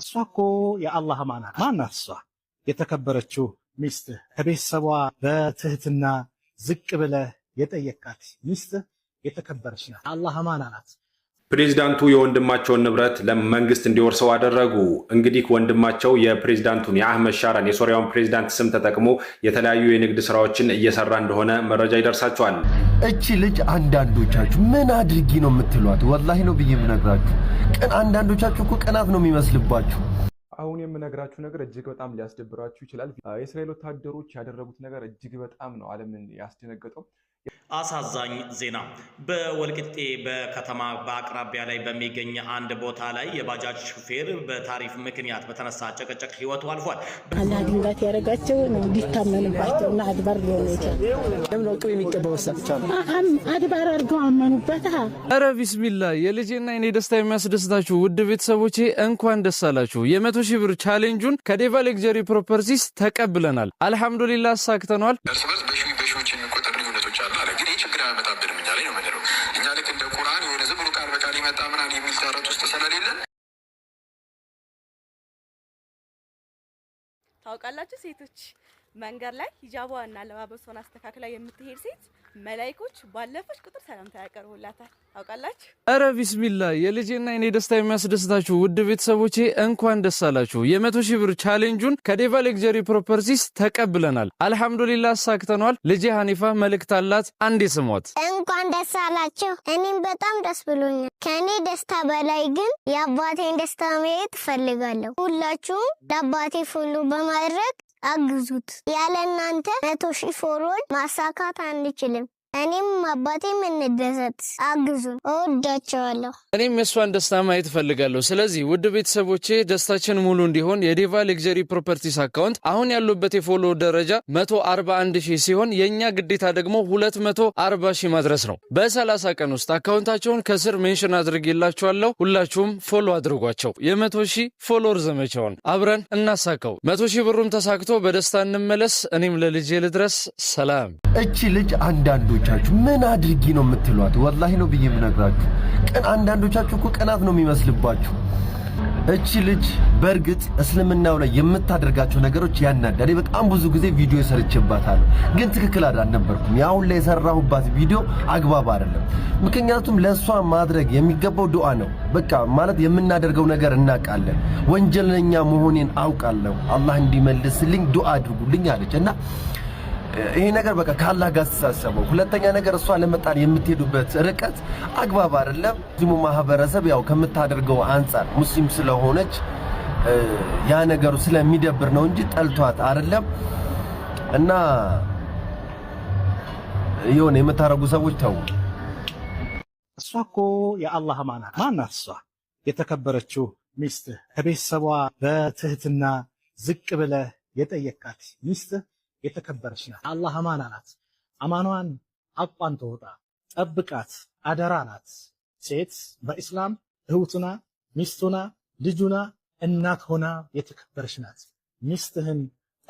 እሷ እኮ የአላህ ማናት ማናት እሷ የተከበረችው ሚስትህ ከቤተሰቧ በትህትና ዝቅ ብለህ የጠየቃት ሚስትህ የተከበረች ናት። አላህ ማና ናት። ፕሬዚዳንቱ የወንድማቸውን ንብረት ለመንግስት እንዲወርሰው አደረጉ። እንግዲህ ወንድማቸው የፕሬዚዳንቱን የአህመድ ሻራን የሶሪያውን ፕሬዚዳንት ስም ተጠቅሞ የተለያዩ የንግድ ስራዎችን እየሰራ እንደሆነ መረጃ ይደርሳቸዋል። እቺ ልጅ አንዳንዶቻችሁ ምን አድርጊ ነው የምትሏት? ወላሂ ነው ብዬ የምነግራችሁ ቀን አንዳንዶቻችሁ እኮ ቀናት ነው የሚመስልባችሁ። አሁን የምነግራችሁ ነገር እጅግ በጣም ሊያስደብራችሁ ይችላል። የእስራኤል ወታደሮች ያደረጉት ነገር እጅግ በጣም ነው ዓለምን ያስደነገጠው። አሳዛኝ ዜና በወልቅጤ በከተማ በአቅራቢያ ላይ በሚገኝ አንድ ቦታ ላይ የባጃጅ ሹፌር በታሪፍ ምክንያት በተነሳ ጨቅጨቅ ህይወቱ አልፏል። አላ ድንጋት ያደረጋቸው እንዲታመንባቸው እና አድባር ሊሆነ ይችላል ቅቤ የሚቀባው አድባር አድርገው አመኑበት። ኧረ ቢስሚላ የልጄና የኔ ደስታ የሚያስደስታችሁ ውድ ቤተሰቦቼ እንኳን ደስ አላችሁ። የመቶ ሺህ ብር ቻሌንጁን ከዴቫ ሌግጀሪ ፕሮፐርቲስ ተቀብለናል። አልሐምዱሊላ አሳክተነዋል። ይቻላል አለ። ግን ይህ ችግር አያመጣብንም እኛ ላይ ነው የምንለው። እኛ ልክ እንደ ቁርአን የሆነ ዝም ብሎ ቃል በቃል ይመጣ ምናምን የሚል ተረት ውስጥ ስለሌለን ታውቃላችሁ፣ ሴቶች መንገድ ላይ ሂጃቧ እና አለባበሷን አስተካክላ የምትሄድ ሴት መላይኮች ባለፈች ቁጥር ሰላምታ ያቀርቡላታል ታውቃላችሁ። አረ ቢስሚላ የልጄና የኔ ደስታ የሚያስደስታችሁ ውድ ቤተሰቦቼ እንኳን ደስ አላችሁ። የመቶ ሺህ ብር ቻሌንጁን ከዴቫ ሌግጀሪ ፕሮፐርቲስ ተቀብለናል። አልሐምዱሊላ አሳክተነዋል። ልጄ ሀኒፋ መልእክት አላት። አንዴ ስሟት። እንኳን ደስ አላችሁ። እኔም በጣም ደስ ብሎኛል። ከእኔ ደስታ በላይ ግን የአባቴን ደስታ ማየት እፈልጋለሁ። ሁላችሁም ለአባቴ ፉሉ በማድረግ አግዙት። ያለ እናንተ መቶ ሺህ ፎሎወር ማሳካት አንችልም። እኔም አባቴም እንደሰት አግዙን፣ እወዳቸዋለሁ። እኔም የእሷን ደስታ ማየት እፈልጋለሁ። ስለዚህ ውድ ቤተሰቦቼ ደስታችን ሙሉ እንዲሆን የዲቫ ሌግዘሪ ፕሮፐርቲስ አካውንት አሁን ያሉበት የፎሎ ደረጃ 141 ሺህ ሲሆን የእኛ ግዴታ ደግሞ 240 ሺህ ማድረስ ነው። በ30 ቀን ውስጥ አካውንታቸውን ከስር ሜንሽን አድርጌላችኋለሁ። ሁላችሁም ፎሎ አድርጓቸው። ሺህ ፎሎወር ዘመቻውን አብረን እናሳካው። 100 ሺህ ብሩም ተሳክቶ በደስታ እንመለስ። እኔም ለልጄ ልድረስ። ሰላም። እቺ ልጅ አንዳንዱ አንዳንዶቻችሁ ምን አድርጊ ነው የምትሏት? ወላሂ ነው ብዬ የምነግራችሁ ቀን አንዳንዶቻችሁ እኮ ቀናት ነው የሚመስልባችሁ። እቺ ልጅ በእርግጥ እስልምናው ላይ የምታደርጋቸው ነገሮች ያናዳል። በጣም ብዙ ጊዜ ቪዲዮ ሰርቼባታለሁ፣ ግን ትክክል አልነበርኩም። የአሁን ላይ የሰራሁባት ቪዲዮ አግባብ አይደለም። ምክንያቱም ለእሷ ማድረግ የሚገባው ዱዓ ነው። በቃ ማለት የምናደርገው ነገር እናውቃለን። ወንጀለኛ መሆኔን አውቃለሁ። አላህ እንዲመልስልኝ ዱዓ አድርጉልኝ አለች እና ይሄ ነገር በቃ ከአላህ ጋር አስተሳሰበው። ሁለተኛ ነገር እሷ ለመጣል የምትሄዱበት ርቀት አግባብ አይደለም። ሙስሊሙ ማህበረሰብ ያው ከምታደርገው አንጻር ሙስሊም ስለሆነች ያ ነገሩ ስለሚደብር ነው እንጂ ጠልቷት አይደለም። እና የሆነ የምታረጉ ሰዎች ተው። እሷ እኮ የአላህ ማና ማናት። እሷ የተከበረችው ሚስትህ ከቤተሰቧ በትህትና ዝቅ ብለህ የጠየቃት ሚስትህ የተከበረች ናት። አላህ አማና ናት። አማኗን አቋን ተወጣ ጠብቃት አደራ አላት ሴት በኢስላም እህውቱና ሚስቱና ልጁና እናት ሆና የተከበረች ናት። ሚስትህን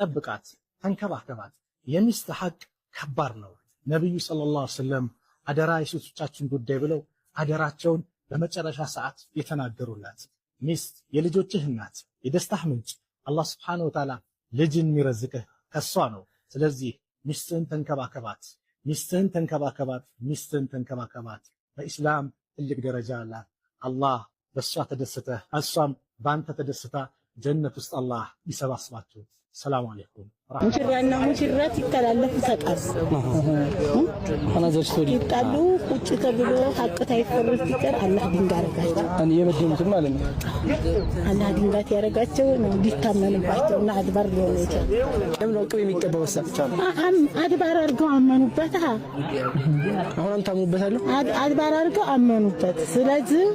ጠብቃት፣ ተንከባከባት። የሚስት ሐቅ ከባድ ነው። ነቢዩ ሰለላሁ ዐለይሂ ወሰለም አደራ የሴቶቻችን ጉዳይ ብለው አደራቸውን በመጨረሻ ሰዓት የተናገሩላት ሚስት የልጆችህ እናት፣ የደስታህ ምንጭ፣ አላህ ስብሓነሁ ወተዓላ ልጅን የሚረዝቅህ ከሷ ነው። ስለዚህ ሚስትህን ተንከባከባት፣ ሚስትህን ተንከባከባት፣ ሚስትህን ተንከባከባት። በኢስላም ትልቅ ደረጃ አላት። አላህ በእሷ ተደሰተ፣ እሷም በአንተ ተደስታ ጀነት ውስጥ አላህ ይሰባስባችሁ። ሰላም አለይኩም። ሙሽራና ሙሽራ ሲተላለፍ ይሰጣሉ። ይጣሉ ቁጭ ተብሎ ሀቅ ታይፈረድ ሲቀር አላህ ድንጋይ ያረጋቸው የበደሉትን ማለት ነው። አላህ ድንጋት ያረጋቸው እንዲታመንባቸው እና አድባር ሊሆነ ይችላል። አድባር አድርገው አመኑበት። አሁን አንታምኑበታለሁ። አድባር አድርገው አመኑበት። ስለዚህ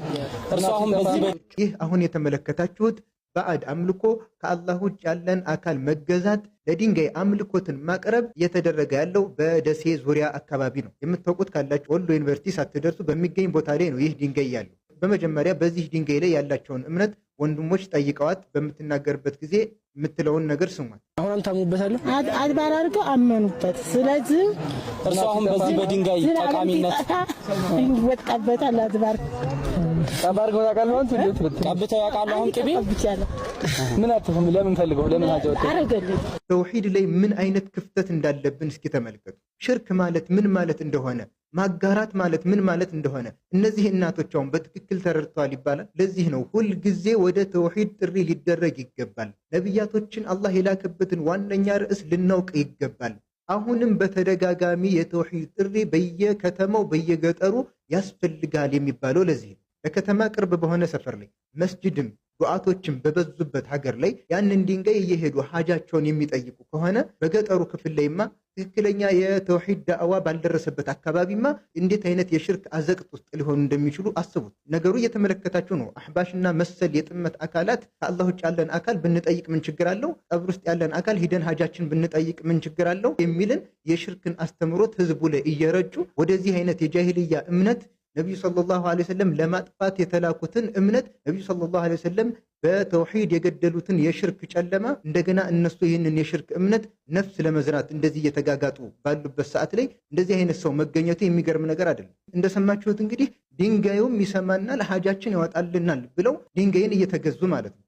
ይህ አሁን የተመለከታችሁት ባዕድ አምልኮ ከአላህ ውጭ ያለን አካል መገዛት ለድንጋይ አምልኮትን ማቅረብ እየተደረገ ያለው በደሴ ዙሪያ አካባቢ ነው። የምታውቁት ካላችሁ ወሎ ዩኒቨርሲቲ ሳትደርሱ በሚገኝ ቦታ ላይ ነው ይህ ድንጋይ ያለው። በመጀመሪያ በዚህ ድንጋይ ላይ ያላቸውን እምነት ወንድሞች ጠይቀዋት በምትናገርበት ጊዜ የምትለውን ነገር ስሟት። አሁን አንታምኑበታለሁ አድባር አድርገው አመኑበት። ስለዚህ እርሱ አሁን በዚህ በድንጋይ ጠቃሚነት ይወጣበታል አድባር ተውሂድ ላይ ምን አይነት ክፍተት እንዳለብን እስኪ ተመልከቱ። ሽርክ ማለት ምን ማለት እንደሆነ፣ ማጋራት ማለት ምን ማለት እንደሆነ እነዚህ እናቶች አሁን በትክክል ተረድተዋል ይባላል። ለዚህ ነው ሁልጊዜ ወደ ተውሂድ ጥሪ ሊደረግ ይገባል። ነቢያቶችን አላህ የላከበትን ዋነኛ ርዕስ ልናውቅ ይገባል። አሁንም በተደጋጋሚ የተውሂድ ጥሪ በየከተማው በየገጠሩ ያስፈልጋል የሚባለው ለዚህ ነው። በከተማ ቅርብ በሆነ ሰፈር ላይ መስጅድም ዱዓቶችም በበዙበት ሀገር ላይ ያንን ድንጋይ እየሄዱ ሀጃቸውን የሚጠይቁ ከሆነ በገጠሩ ክፍል ላይማ ትክክለኛ የተውሂድ ዳዕዋ ባልደረሰበት አካባቢማ እንዴት አይነት የሽርክ አዘቅት ውስጥ ሊሆኑ እንደሚችሉ አስቡት። ነገሩ እየተመለከታችሁ ነው። አሕባሽና መሰል የጥመት አካላት ከአላህ ውጭ ያለን አካል ብንጠይቅ ምን ችግር አለው? ቀብር ውስጥ ያለን አካል ሂደን ሀጃችን ብንጠይቅ ምን ችግር አለው? የሚልን የሽርክን አስተምሮት ህዝቡ ላይ እየረጩ ወደዚህ አይነት የጃሂልያ እምነት ነቢዩ ሰለላሁ ዐለይሂ ወሰለም ለማጥፋት የተላኩትን እምነት ነቢዩ ሰለላሁ ዐለይሂ ወሰለም በተውሂድ የገደሉትን የሽርክ ጨለማ እንደገና እነሱ ይህንን የሽርክ እምነት ነፍስ ለመዝራት እንደዚህ እየተጋጋጡ ባሉበት ሰዓት ላይ እንደዚህ አይነት ሰው መገኘቱ የሚገርም ነገር አይደለም። እንደሰማችሁት እንግዲህ ድንጋዩም ይሰማናል፣ ሀጃችን ያወጣልናል ብለው ድንጋይን እየተገዙ ማለት ነው።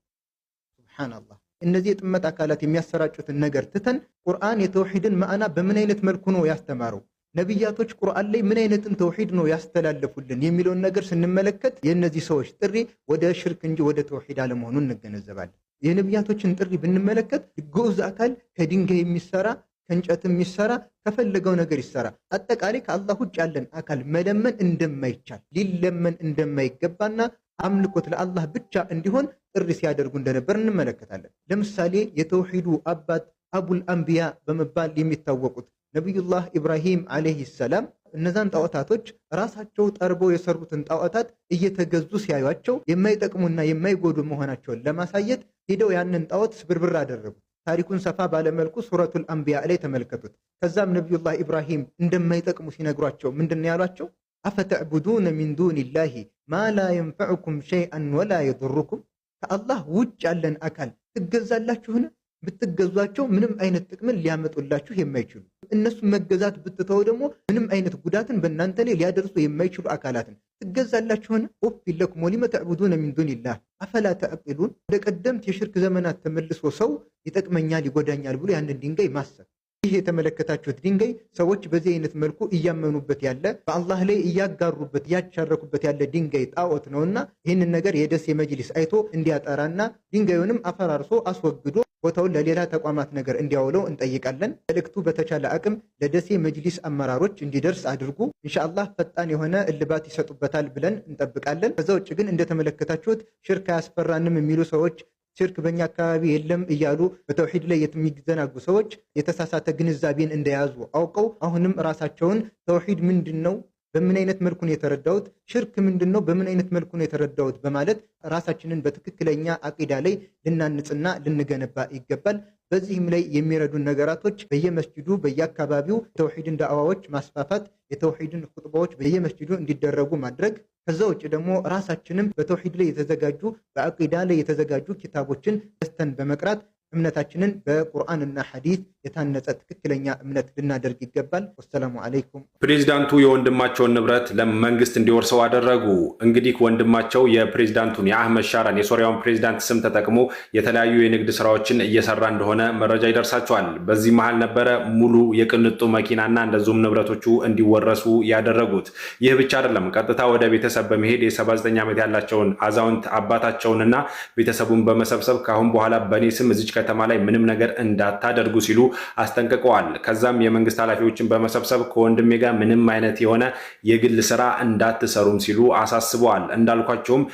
ሱብሓነላህ። እነዚህ የጥመት አካላት የሚያሰራጩትን ነገር ትተን ቁርአን የተውሂድን ማዕና በምን አይነት መልኩ ነው ያስተማረው? ነቢያቶች ቁርአን ላይ ምን አይነትን ተውሂድ ነው ያስተላለፉልን የሚለውን ነገር ስንመለከት የእነዚህ ሰዎች ጥሪ ወደ ሽርክ እንጂ ወደ ተውሂድ አለመሆኑን እንገነዘባለን። የነቢያቶችን ጥሪ ብንመለከት ግዑዝ አካል ከድንጋይ የሚሰራ ከእንጨት የሚሰራ ከፈለገው ነገር ይሰራ አጠቃላይ ከአላህ ውጭ ያለን አካል መለመን እንደማይቻል ሊለመን እንደማይገባና አምልኮት ለአላህ ብቻ እንዲሆን ጥሪ ሲያደርጉ እንደነበር እንመለከታለን። ለምሳሌ የተውሂዱ አባት አቡል አንቢያ በመባል የሚታወቁት ነቢዩላህ ኢብራሂም ዓለይሂ ሰላም እነዛን ጣዖታቶች ራሳቸው ጠርበው የሰሩትን ጣዖታት እየተገዙ ሲያዩቸው የማይጠቅሙና የማይጎዱ መሆናቸውን ለማሳየት ሄደው ያንን ጣዖት ስብርብር አደረጉ። ታሪኩን ሰፋ ባለመልኩ ሱረቱል አንቢያ ላይ ተመልከቱት። ከዛም ነቢዩላህ ኢብራሂም እንደማይጠቅሙ ሲነግሯቸው ምንድን ያሏቸው? አፈተዕቡዱነ ሚን ዱኒላሂ ማ ላ የንፈዑኩም ሸይአን ወላ የዱሩኩም ከአላህ ውጭ ያለን አካል ትገዛላችሁን? ብትገዟቸው ምንም አይነት ጥቅምን ሊያመጡላችሁ የማይችሉ እነሱ መገዛት ብትተው ደግሞ ምንም አይነት ጉዳትን በእናንተ ላይ ሊያደርሱ የማይችሉ አካላትን ትገዛላችሁን? ኦፍ ለኩም ወሊመ ተዕቡዱነ ሚን ዱኒላህ አፈላ ተዕቂሉን። ወደ ቀደምት የሽርክ ዘመናት ተመልሶ ሰው ይጠቅመኛል፣ ይጎዳኛል ብሎ ያንን ድንጋይ ማሰብ። ይህ የተመለከታችሁት ድንጋይ ሰዎች በዚህ አይነት መልኩ እያመኑበት ያለ በአላህ ላይ እያጋሩበት እያቻረኩበት ያለ ድንጋይ ጣዖት ነውና ይህንን ነገር የደሴ መጅሊስ አይቶ እንዲያጠራና ድንጋዩንም አፈራርሶ አስወግዶ ቦታውን ለሌላ ተቋማት ነገር እንዲያውለው እንጠይቃለን። መልእክቱ በተቻለ አቅም ለደሴ መጅሊስ አመራሮች እንዲደርስ አድርጉ። እንሻአላህ ፈጣን የሆነ እልባት ይሰጡበታል ብለን እንጠብቃለን። ከዛ ውጭ ግን እንደተመለከታችሁት ሽርክ አያስፈራንም የሚሉ ሰዎች ሽርክ በእኛ አካባቢ የለም እያሉ በተውሂድ ላይ የሚዘናጉ ሰዎች የተሳሳተ ግንዛቤን እንደያዙ አውቀው አሁንም ራሳቸውን ተውሂድ ምንድን ነው በምን አይነት መልኩ ነው የተረዳሁት? ሽርክ ምንድን ነው? በምን አይነት መልኩ ነው የተረዳሁት? በማለት ራሳችንን በትክክለኛ አቂዳ ላይ ልናንጽና ልንገነባ ይገባል። በዚህም ላይ የሚረዱን ነገራቶች በየመስጅዱ በየአካባቢው የተውሒድን ዳዕዋዎች ማስፋፋት፣ የተውሂድን ኹጥባዎች በየመስጅዱ እንዲደረጉ ማድረግ ከዛ ውጭ ደግሞ ራሳችንም በተውሂድ ላይ የተዘጋጁ በአቂዳ ላይ የተዘጋጁ ኪታቦችን ገዝተን በመቅራት እምነታችንን በቁርአንና ሐዲት የታነጸ ትክክለኛ እምነት ልናደርግ ይገባል። ወሰላሙ አለይኩም። ፕሬዚዳንቱ የወንድማቸውን ንብረት ለመንግስት እንዲወርሰው አደረጉ። እንግዲህ ወንድማቸው የፕሬዚዳንቱን የአህመድ ሻራን የሶሪያውን ፕሬዚዳንት ስም ተጠቅሞ የተለያዩ የንግድ ስራዎችን እየሰራ እንደሆነ መረጃ ይደርሳቸዋል። በዚህ መሀል ነበረ ሙሉ የቅንጡ መኪናና እንደዚሁም ንብረቶቹ እንዲወረሱ ያደረጉት። ይህ ብቻ አይደለም። ቀጥታ ወደ ቤተሰብ በመሄድ የ79 ዓመት ያላቸውን አዛውንት አባታቸውንና ቤተሰቡን በመሰብሰብ ከአሁን በኋላ በእኔ ስም እዚች ከተማ ላይ ምንም ነገር እንዳታደርጉ ሲሉ አስጠንቅቀዋል። ከዛም የመንግስት ኃላፊዎችን በመሰብሰብ ከወንድሜ ጋር ምንም አይነት የሆነ የግል ስራ እንዳትሰሩም ሲሉ አሳስበዋል። እንዳልኳቸውም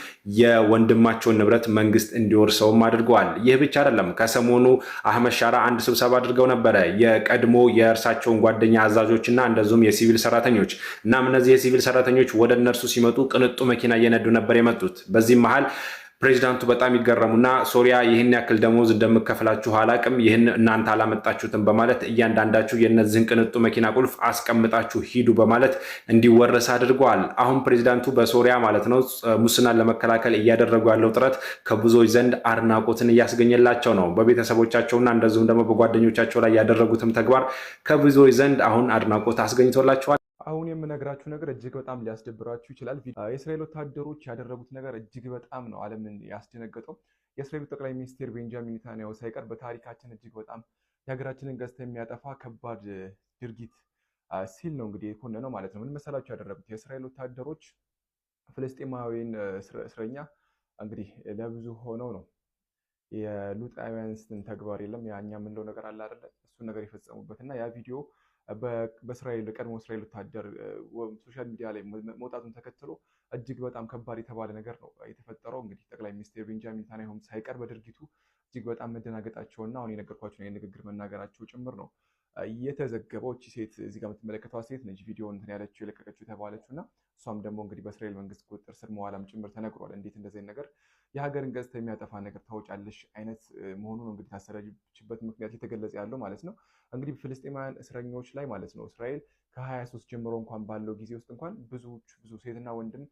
የወንድማቸውን ንብረት መንግስት እንዲወርሰውም አድርገዋል። ይህ ብቻ አይደለም። ከሰሞኑ አህመድ ሻራ አንድ ስብሰባ አድርገው ነበረ። የቀድሞ የእርሳቸውን ጓደኛ አዛዦች እና እንደዚሁም የሲቪል ሰራተኞች እናም እነዚህ የሲቪል ሰራተኞች ወደ እነርሱ ሲመጡ ቅንጡ መኪና እየነዱ ነበር የመጡት። በዚህም መሀል ፕሬዚዳንቱ በጣም ይገረሙና ሶሪያ ይህን ያክል ደሞዝ እንደምከፍላችሁ አላቅም፣ ይህን እናንተ አላመጣችሁትም በማለት እያንዳንዳችሁ የእነዚህን ቅንጡ መኪና ቁልፍ አስቀምጣችሁ ሂዱ በማለት እንዲወረስ አድርገዋል። አሁን ፕሬዚዳንቱ በሶሪያ ማለት ነው ሙስናን ለመከላከል እያደረጉ ያለው ጥረት ከብዙዎች ዘንድ አድናቆትን እያስገኘላቸው ነው። በቤተሰቦቻቸውና እንደዚሁም ደግሞ በጓደኞቻቸው ላይ ያደረጉትም ተግባር ከብዙዎች ዘንድ አሁን አድናቆት አስገኝቶላቸዋል። አሁን የምነግራችሁ ነገር እጅግ በጣም ሊያስደብራችሁ ይችላል። የእስራኤል ወታደሮች ያደረጉት ነገር እጅግ በጣም ነው ዓለምን ያስደነገጠው። የእስራኤሉ ጠቅላይ ሚኒስትር ቤንጃሚን ኔታንያሁ ሳይቀር በታሪካችን እጅግ በጣም የሀገራችንን ገጽታ የሚያጠፋ ከባድ ድርጊት ሲል ነው እንግዲህ ነው ማለት ነው። ምን መሰላችሁ ያደረጉት የእስራኤል ወታደሮች ፍልስጤማዊን እስረኛ እንግዲህ ለብዙ ሆነው ነው የሉጣውያንስን ተግባር የለም ያኛ የምንለው ነገር አለ አይደለ? እሱን ነገር የፈጸሙበት እና ያ ቪዲዮ በእስራኤል ቀድሞ እስራኤል ወታደር ሶሻል ሚዲያ ላይ መውጣቱን ተከትሎ እጅግ በጣም ከባድ የተባለ ነገር ነው የተፈጠረው። እንግዲህ ጠቅላይ ሚኒስትር ቤንጃሚን ኔታንያሁም ሳይቀር በድርጊቱ እጅግ በጣም መደናገጣቸውና አሁን የነገርኳቸው የንግግር መናገራቸው ጭምር ነው የተዘገበው። እቺ ሴት እዚህ ጋር የምትመለከቷት ሴት ነች ቪዲዮ እንትን ያለችው የለቀቀችው የተባለችው እና እሷም ደግሞ እንግዲህ በእስራኤል መንግስት ቁጥጥር ስር መዋላም ጭምር ተነግሯል። እንዴት እንደዚህ ነገር የሀገርን ገጽታ የሚያጠፋ ነገር ታወጫለሽ አይነት መሆኑን እንግዲህ ታሰረችበት ምክንያት እየተገለጸ ያለው ማለት ነው። እንግዲህ ፍልስጤማውያን እስረኞች ላይ ማለት ነው እስራኤል ከ23 ጀምሮ እንኳን ባለው ጊዜ ውስጥ እንኳን ብዙዎች ብዙ ሴትና ወንድም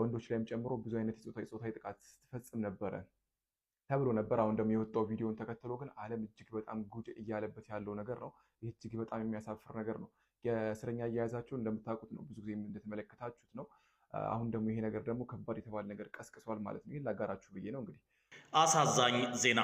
ወንዶች ላይም ጨምሮ ብዙ አይነት የፆታዊ ጥቃት ስትፈጽም ነበረ ተብሎ ነበር። አሁን ደግሞ የወጣው ቪዲዮን ተከትሎ ግን ዓለም እጅግ በጣም ጉድ እያለበት ያለው ነገር ነው። ይህ እጅግ በጣም የሚያሳፍር ነገር ነው። የእስረኛ አያያዛቸው እንደምታውቁት ነው። ብዙ ጊዜ እንደተመለከታችሁት ነው አሁን ደግሞ ይሄ ነገር ደግሞ ከባድ የተባለ ነገር ቀስቅሷል ማለት ነው። ይህን ላጋራችሁ ብዬ ነው እንግዲህ አሳዛኝ ዜና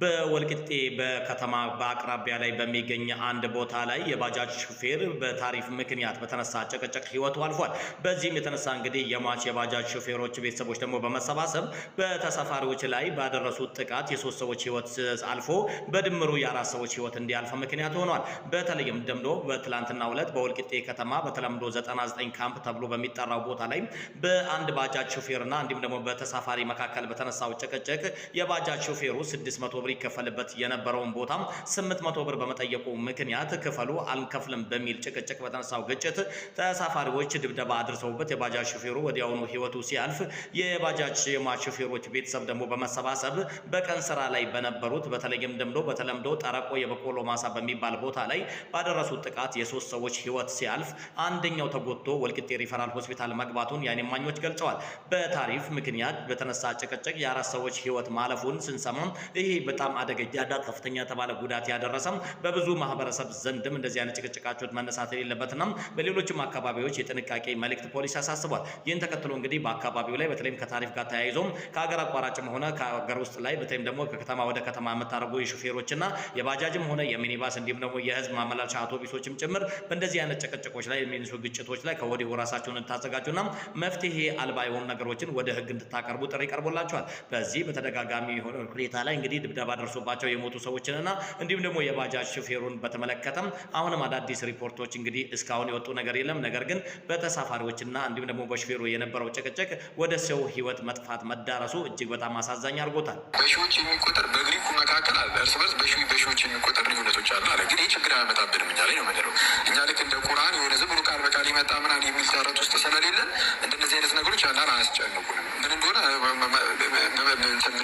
በወልቂጤ በከተማ በአቅራቢያ ላይ በሚገኝ አንድ ቦታ ላይ የባጃጅ ሹፌር በታሪፍ ምክንያት በተነሳ ጭቅጭቅ ህይወቱ አልፏል። በዚህም የተነሳ እንግዲህ የሟች የባጃጅ ሹፌሮች ቤተሰቦች ደግሞ በመሰባሰብ በተሳፋሪዎች ላይ ባደረሱት ጥቃት የሶስት ሰዎች ህይወት አልፎ በድምሩ የአራት ሰዎች ህይወት እንዲያልፍ ምክንያት ሆኗል። በተለይም ደምዶ በትላንትናው ዕለት በወልቂጤ ከተማ በተለምዶ 99 ካምፕ ተብሎ በሚጠራው ቦታ ላይ በአንድ ባጃጅ ሹፌርና እንዲሁም ደግሞ በተሳፋሪ መካከል በተነሳው ጭቅጭቅ የባጃጅ ሾፌሩ 600 ብር ይከፈልበት የነበረውን ቦታም 800 ብር በመጠየቁ ምክንያት ክፈሉ አልከፍልም በሚል ጭቅጭቅ በተነሳው ግጭት ተሳፋሪዎች ድብደባ አድርሰውበት የባጃጅ ሾፌሩ ወዲያውኑ ህይወቱ ሲያልፍ የባጃጅ ሾፌሮች ቤተሰብ ደግሞ በመሰባሰብ በቀን ስራ ላይ በነበሩት በተለይም ደምዶ በተለምዶ ጠረቆ የበቆሎ ማሳ በሚባል ቦታ ላይ ባደረሱት ጥቃት የሶስት ሰዎች ህይወት ሲያልፍ አንደኛው ተጎድቶ ወልቂጤ ሪፈራል ሆስፒታል መግባቱን የአይን እማኞች ገልጸዋል። በታሪፍ ምክንያት በተነሳ ጭቅጭቅ የአራት ሰዎች ህይወት ህይወት ማለፉን ስንሰማ ይሄ በጣም አደገኛና ከፍተኛ የተባለ ጉዳት ያደረሰም በብዙ ማህበረሰብ ዘንድም እንደዚህ አይነት ጭቅጭቃቸውን መነሳት የሌለበትና በሌሎችም አካባቢዎች የጥንቃቄ መልእክት ፖሊስ ያሳስቧል። ይህን ተከትሎ እንግዲህ በአካባቢው ላይ በተለይም ከታሪፍ ጋር ተያይዞ ከሀገር አቋራጭም ሆነ ከሀገር ውስጥ ላይ በተለይም ደግሞ ከከተማ ወደ ከተማ የምታደርጉ የሾፌሮችና የባጃጅም ሆነ የሚኒባስ እንዲሁም ደግሞ የህዝብ ማመላለሻ አውቶቡሶችም ጭምር በእንደዚህ አይነት ጭቅጭቆች ላይ የሚነሱ ግጭቶች ላይ ከወዲሁ ራሳቸውን እንድታዘጋጁና መፍትሄ አልባ የሆኑ ነገሮችን ወደ ህግ እንድታቀርቡ ጥሪ ቀርቦላቸዋል። በዚህ በተደ ተደጋጋሚ የሆነ ሁኔታ ላይ እንግዲህ ድብደባ ደርሶባቸው የሞቱ ሰዎችንና እንዲሁም ደግሞ የባጃጅ ሹፌሩን በተመለከተም አሁንም አዳዲስ ሪፖርቶች እንግዲህ እስካሁን የወጡ ነገር የለም። ነገር ግን በተሳፋሪዎችና እንዲሁም ደግሞ በሹፌሩ የነበረው ጭቅጭቅ ወደ ሰው ህይወት መጥፋት መዳረሱ እጅግ በጣም አሳዛኝ አድርጎታል። በሺዎች የሚቆጠር በግሪኩ መካከል አለ እርስ በርስ በሺዎች የሚቆጠር ልዩነቶች አሉ አለ ግን ይህ ችግር አያመጣብንም እኛ ላይ ነው ምንለው እኛ ልክ እንደ ቁርአን የሆነ ዝም ብሎ ቃል በቃል ይመጣ ምናል የሚል ተረት ውስጥ ስለሌለን እንደነዚህ አይነት ነገሮች ያዳር አያስጨንቁንም ምን እንደሆነ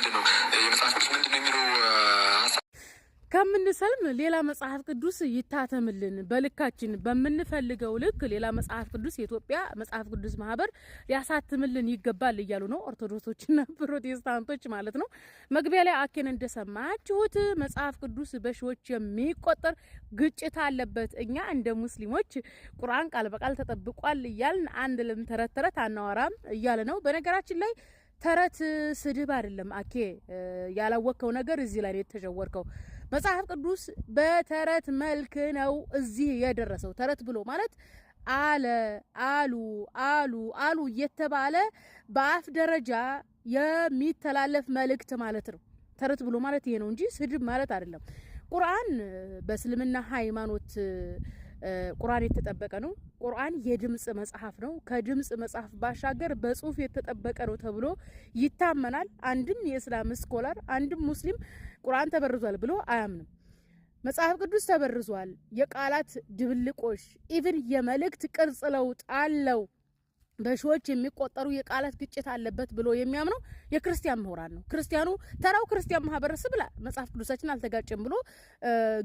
ምንድን ነው የመጽሐፍ ቅዱስ ምንድን ነው የሚለው ከምንሰልም ሌላ መጽሐፍ ቅዱስ ይታተምልን በልካችን በምንፈልገው ልክ ሌላ መጽሐፍ ቅዱስ የኢትዮጵያ መጽሐፍ ቅዱስ ማህበር ሊያሳትምልን ይገባል እያሉ ነው ኦርቶዶክሶችና ፕሮቴስታንቶች ማለት ነው። መግቢያ ላይ አኬን እንደሰማችሁት መጽሐፍ ቅዱስ በሺዎች የሚቆጠር ግጭት አለበት። እኛ እንደ ሙስሊሞች ቁርአን ቃል በቃል ተጠብቋል እያልን አንድ ልም ተረት ተረት አናወራም እያለ ነው። በነገራችን ላይ ተረት ስድብ አይደለም። አኬ ያላወቅከው ነገር እዚህ ላይ የተሸወርከው። መጽሐፍ ቅዱስ በተረት መልክ ነው እዚህ የደረሰው። ተረት ብሎ ማለት አለ አሉ አሉ አሉ እየተባለ በአፍ ደረጃ የሚተላለፍ መልእክት ማለት ነው። ተረት ብሎ ማለት ይሄ ነው እንጂ ስድብ ማለት አይደለም። ቁርአን በእስልምና ሃይማኖት ቁርአን የተጠበቀ ነው። ቁርአን የድምፅ መጽሐፍ ነው። ከድምፅ መጽሐፍ ባሻገር በጽሁፍ የተጠበቀ ነው ተብሎ ይታመናል። አንድም የእስላም ስኮላር አንድም ሙስሊም ቁርአን ተበርዟል ብሎ አያምንም። መጽሐፍ ቅዱስ ተበርዟል፣ የቃላት ድብልቆሽ ኢቭን የመልእክት ቅርጽ ለውጥ አለው በሺዎች የሚቆጠሩ የቃላት ግጭት አለበት ብሎ የሚያምነው የክርስቲያን ምሁራን ነው። ክርስቲያኑ ተራው ክርስቲያን ማህበረሰብ ብላ መጽሐፍ ቅዱሳችን አልተጋጭም ብሎ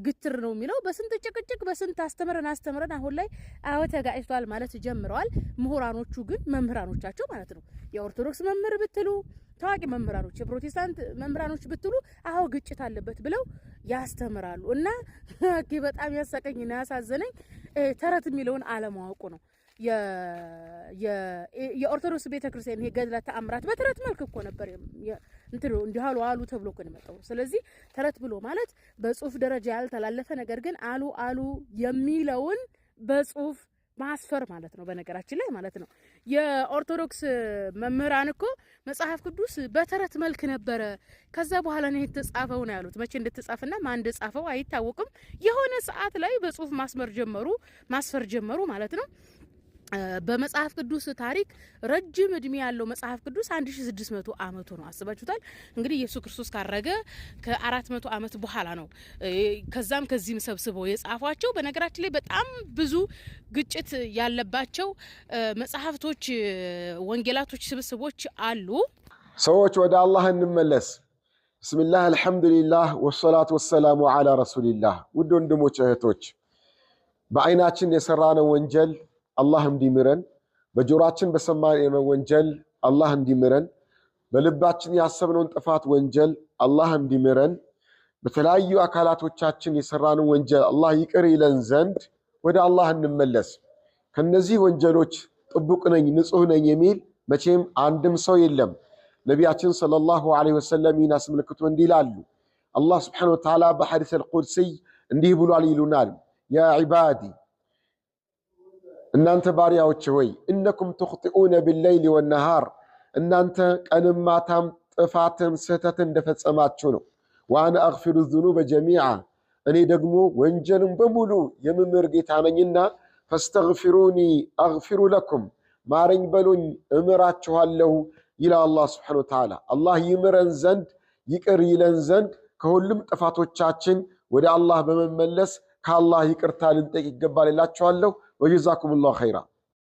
ግትር ነው የሚለው በስንት ጭቅጭቅ በስንት አስተምረን አስተምረን አሁን ላይ አዎ ተጋጭቷል ማለት ጀምረዋል። ምሁራኖቹ ግን መምህራኖቻቸው ማለት ነው የኦርቶዶክስ መምህር ብትሉ ታዋቂ መምህራኖች የፕሮቴስታንት መምህራኖች ብትሉ አዎ ግጭት አለበት ብለው ያስተምራሉ። እና በጣም ያሳቀኝና ያሳዘነኝ ተረት የሚለውን አለማወቁ ነው። የኦርቶዶክስ ቤተክርስቲያን ይሄ ገድለ ተአምራት በተረት መልክ እኮ ነበር እንትኑ እንዲሁ አሉ አሉ ተብሎ እኮ ነው የመጣው። ስለዚህ ተረት ብሎ ማለት በጽሁፍ ደረጃ ያልተላለፈ ነገር ግን አሉ አሉ የሚለውን በጽሁፍ ማስፈር ማለት ነው። በነገራችን ላይ ማለት ነው የኦርቶዶክስ መምህራን እኮ መጽሐፍ ቅዱስ በተረት መልክ ነበረ፣ ከዛ በኋላ ነው የተጻፈው ነው ያሉት። መቼ እንደተጻፈና ማን እንደጻፈው አይታወቅም። የሆነ ሰዓት ላይ በጽሁፍ ማስመር ጀመሩ ማስፈር ጀመሩ ማለት ነው። በመጽሐፍ ቅዱስ ታሪክ ረጅም እድሜ ያለው መጽሐፍ ቅዱስ 1600 አመቱ ነው። አስባችሁታል እንግዲህ ኢየሱስ ክርስቶስ ካረገ ከ400 ዓመት በኋላ ነው። ከዛም ከዚህም ሰብስበው የጻፏቸው በነገራችን ላይ በጣም ብዙ ግጭት ያለባቸው መጽሐፍቶች፣ ወንጌላቶች፣ ስብስቦች አሉ። ሰዎች ወደ አላህ እንመለስ። ብስሚላህ አልሐምዱሊላህ፣ ወሰላቱ ወሰላሙ አላ ረሱሊላህ። ውድ ወንድሞች እህቶች፣ በአይናችን የሰራነው ወንጀል አላህ እንዲምረን፣ በጆሮአችን በሰማነው ወንጀል አላህ እንዲምረን፣ በልባችን ያሰብነውን ጥፋት ወንጀል አላህ እንዲምረን፣ በተለያዩ አካላቶቻችን የሰራነው ወንጀል አላህ ይቅር ይለን ዘንድ ወደ አላህ እንመለስ። ከነዚህ ወንጀሎች ጥቡቅ ነኝ ንጹህ ነኝ የሚል መቼም አንድም ሰው የለም። ነቢያችን ሰለላሁ ዐለይሂ ወሰለም ይህን አስመልክቶ እንዲህ ይላሉ። አላህ ስብሓነሁ ወተዓላ በሐዲስ አልቁድሲይ እንዲህ ብሏል ይሉናል ያ ዒባዲ እናንተ ባሪያዎች ሆይ እነኩም ትኽጢኡነ ቢለይሊ ወነሃር እናንተ ቀንም ማታም ጥፋትም ስህተትን እንደፈጸማችሁ ነው። ወአነ አግፊሩ ዙኑበ ጀሚዓ እኔ ደግሞ ወንጀልን በሙሉ የምምር ጌታ ነኝና ፈስተግፊሩኒ አግፊሩ ለኩም ማረኝ በሉኝ እምራችኋለሁ ይላ አላህ ስብሓነሁ ወተዓላ። አላህ ይምረን ዘንድ ይቅር ይለን ዘንድ ከሁሉም ጥፋቶቻችን ወደ አላህ በመመለስ ከአላህ ይቅርታ ልንጠይቅ ይገባል ይላችኋለሁ። وجزاكم الله خيرا